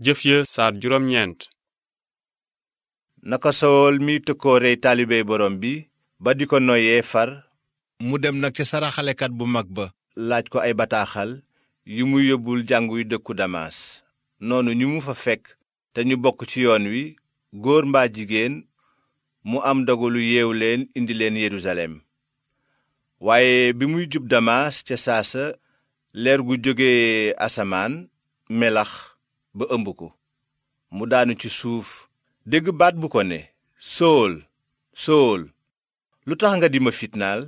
jëf ya saar naka sowool mi tëkkoorey taalibe borom bi ba di ko noyee far mu dem nag ca saraxalekat bu mag ba laaj ko ay bataaxal yu mu yóbbul jàngu yu dëkku damaas noonu ñu mu fa fekk te ñu bokk ci yoon wi góor mbaa jigéen mu am dogalu yeew leen indi leen yerusalem waaye bi muy jub damaas ca saasa leer gu jóge asamaan melax ba ëmb ko mu daanu ci suuf dégg baat bu ko ne sool sool lu tax nga di ma fitnaal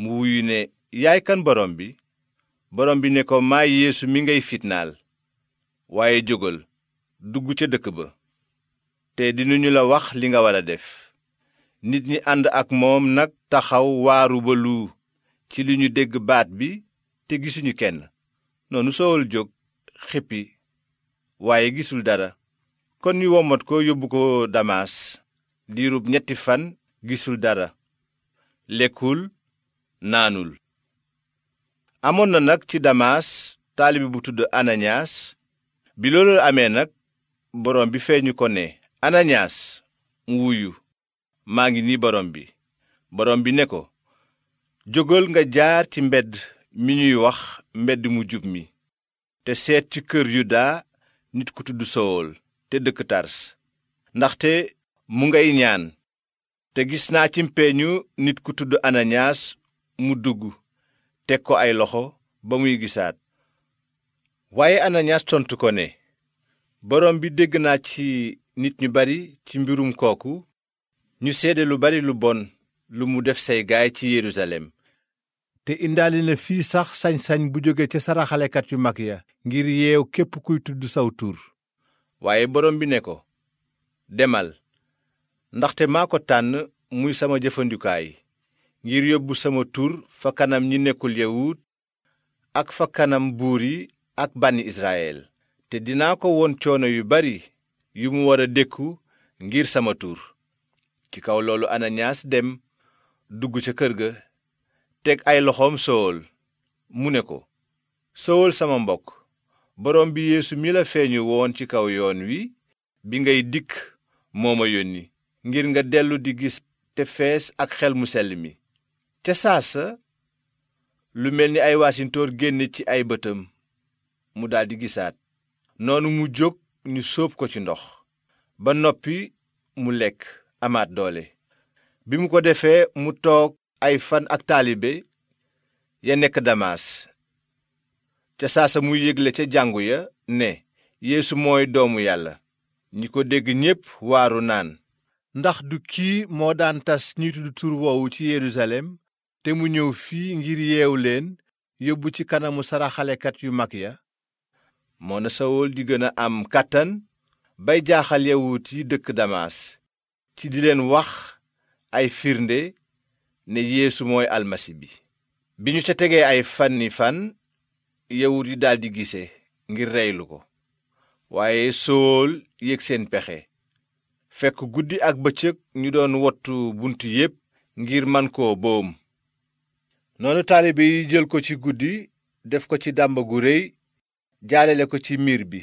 mu wuyu ne yaay kan borom bi borom bi ne ko maay yéesu mi ngay fitnaal waaye jógal dugg ca dëkk ba te dinañu la wax li nga war a def nit ñi ànd ak moom nag taxaw waaru ba luu ci li ñu dégg baat bi te gisuñu kenn noonu soowal jóg xippi waaye gisul dara kon ñu womat ko yóbbu ko damaas diirub ñetti fan gisul dara lekkul naanul amoon na nag ci damaas taalibe bu tudd ananiyaas bi loolu amee nag borom bi feeñu ko ne ananiyaas mu wuyu maa ngi ni borom bi borom bi ne ko jógal nga jaar ci mbedd mi ñuy wax mbedd mu jub mi te seet ci kër yuda nit ku tudd sowool te dëkk tars ndaxte mu ngay ñaan te gis naa ci mpeeñu nit ku tudd ananiyaas mu dugg teg ko ay loxo ba muy gisaat waaye ananiyaas tontu ko ne borom bi dégg naa ci nit ñu bari ci mbirum kooku ñu seede lu bari lu bon lu mu def say gaay ci yerusalem te indaale na fii sax sañ-sañ bu jóge ca saraxalekat yu mag ya ngir yeew képp kuy tudd saw tur waaye borom bi ne ko demal ndaxte maa ko tànn muy sama jëfandikaay ngir yóbbu sama tur fa kanam ñi nekkul yawut ak fa kanam buur yi ak bànni israyel te dinaa ko won coono yu bari yu mu war a dékku ngir sama tur ci kaw loolu ananiyaas dem dugg ca kër ga teg ay loxoom sowal mu ne ko sowal sama mbokk borom bi yeesu mi la feeñu woon ci kaw yoon wi bi ngay dikk moo ma yónni ngir nga dellu di gis te fees ak xel mu sell mi te saa sa lu mel ni ay waasintóor génn ci ay bëtam mu daldi gisaat noonu mu jóg ñu sóob ko ci ndox ba noppi mu lekk amaat doole bi mu ko defee mu toog ay fan ak taalibe ya nekk Damas ca saasa muy yégle ca jàngu ya ne yéesu mooy doomu yàlla ñi ko dégg ñépp waaru naan ndax du kii moo daan tas ñi tudd tur woowu ci Yerusalem te mu ñëw fii ngir yeew leen yóbbu ci kanamu saraxalekat yu mag ya moo na sawool di gën a am kàttan bay jaaxal yawut yi dëkk Damas ci di leen wax ay firnde ne yéesu mooy almasi bi bi ñu ca tegee ay fanni fan yawut yi daldi gise ngir reylu ko waaye sóol yëg seen pexe fekk guddi ak bëccëg ñu doon wottu bunt yépp ngir man koo boom noonu taalibe yi jël ko ci guddi def ko ci dàmba gu réy ko ci miir bi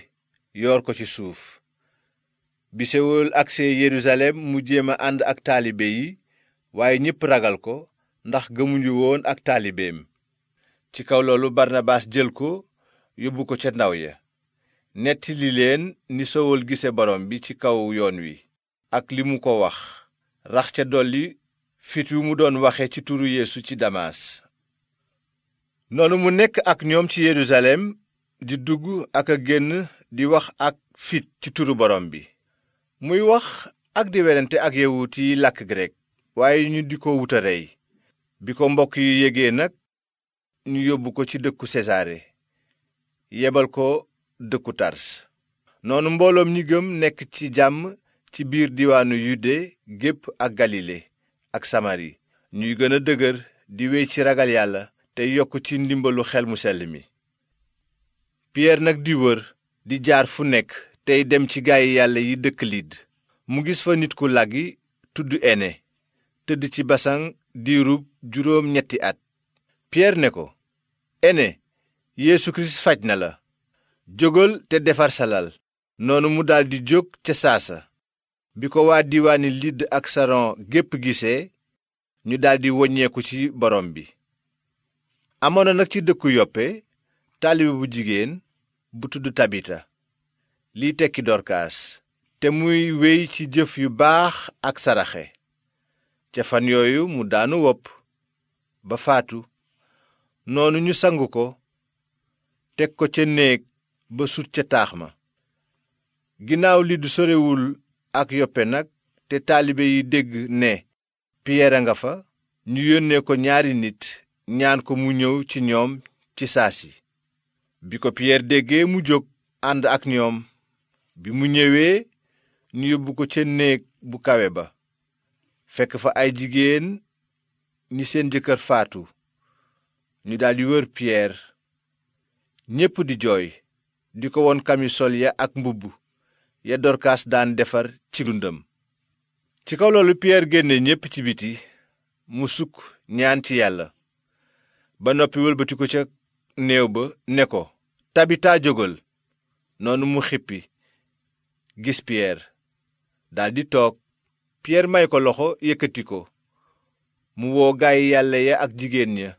yoor ko ci suuf bi sewol agsee yerusalem mu jéem ànd ak taalibe yi waaye ñépp ragal ko ndax gëmuñu woon ak taalibeem ci kaw loolu barnabaas jël ko yóbbu ko ca ndaw ya nettali leen ni sowal gise borom bi ci kaw yoon wi ak li mu ko wax rax ca dolli fit wi mu doon waxe ci turu yeesu ci damaas noonu mu nekk ak ñoom ci yerusalem di dugg ak a génn di wax ak fit ci turu borom bi muy wax ak di werante ak yawut yi làkk grek waaye ñu di ko wuta rey bi ko mbokk yi yégee nag ñu yóbbu ko ci dëkku sesaare yebal ko dëkku tars noonu mbooloom ñi gëm nekk ci jàmm ci biir diwaanu yude gépp ak galile ak samari ñuy gën a dëgër di wéy ci ragal yàlla te yokk ci ndimbalu xel mu sell mi piyeer nag di wër di jaar fu nekk tey dem ci gaay yàlla yi dëkk liid mu gis fa nit ku làggi tudd ene tëdd ci basaŋ diirub juróom at piyeer ne ko ene yéesu kirist faj na la jógal te defar salal noonu mu daldi jóg ca saasa bi ko waa diwaani lidd ak saron gépp gisee ñu daldi woññeeku ci borom bi amoon na nag ci dëkku yoppe taalibe bu jigéen bu tudd tabita liy tekki dorkaas te muy wey ci jëf yu baax ak saraxe ca fan yooyu mu daanu wopp ba faatu noonu ñu sangu ko teg ko ca néeg ba sut ca taax ma ginnaaw li du sorewul ak yoppe nag te taalibe yi dégg ne piyeer a nga fa ñu yónnee ko ñaari nit ñaan ko mu ñëw ci ñoom ci saa si bi ko piyeer déggee mu jóg ànd ak ñoom bi mu ñëwee ñu yóbbu ko ca néeg bu kawe ba fekk fa ay jigéen ñi seen jëkkër faatu ñu daldi wër piyeer ñépp di jooy di ko won kamisol ya ak mbubb ya dorkaas daan defar ci dundam ci kaw loolu piyeer génne ñépp ci biti mu sukk ñaan ci yàlla ba noppi wëlbatiku ca néew ba ne ko tabitaa jógal noonu mu xippi gis piyeer daldi toog piyeer may ko loxo yëkkati ko mu woo gaay yàlla ya ak jigéen ña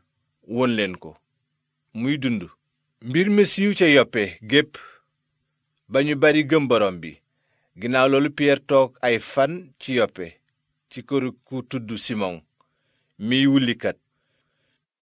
won leen ko muy dund mbir mi siiw ca yoppe gépp ba ñu bari gëm borom bi ginnaaw loolu piyeer toog ay fan ci yoppe ci kër ku tudd simon miy wullikat